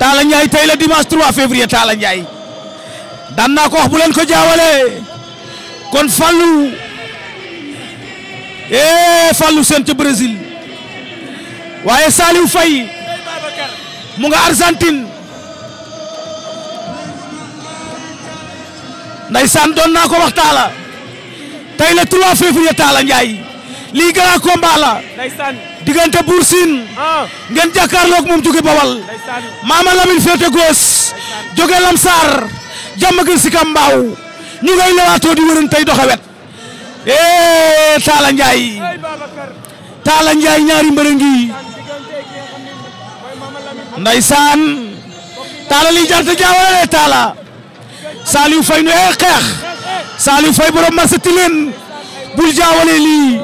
Talla Ndiaye tey la dimanche 3 février Talla Ndiaye daan naa ko wax bu leen ko jaawalee kon Fallou eh Fallou seen ca Brésil waaye Saliou Faye mu nga Argentine ndaysaan doon naa ko wax Talla tey la 3 février Talla Ndiaye. lii grand combat la. ndeysaan diggante Bour Sine. Ah. ngeen jàkkaarloog moom jóge Bawal. Mama Lamine féete gos. jóge Lamsar. jàmm gi si Kambaaw. ñu ngay lewaatoo di wërën tey wet. eh Talla Ndiaye. Talla Ndiaye ñaari mbërë ngi. ndeysaan. Talla lii jarte jaawale Talla. Saliou Faye nu eh xeex. Saliou Faye borom marché Tilène. bul lii.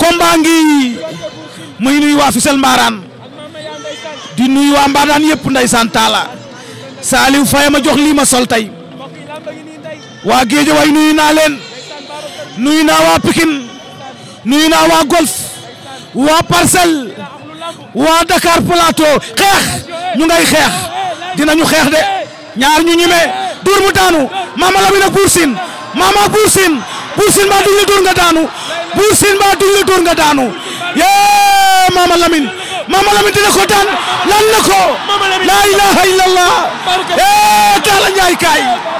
combat ngi muy nuyu waa Fissel Mbaraan di nuyu waa Mbaraan yëpp ndeysaan taala Saliou Faye ma jox lii ma sol tey waa Géeja way naa leen nuyu naa waa Pikine nuyu naa waa Golf waa Parcelles waa Dakar Plateau xeex ñu ngay xeex dinañu xeex de ñaar ñu ñime duur daanu Mama Lamine ak Bour Sine Mama Bour Sine maa dugg la duur daanu Buur Sine Ba duñ daanu yee Mama Lamine ko daan lan ko. la ilaha illallah yee Talla Ndiaye kaay.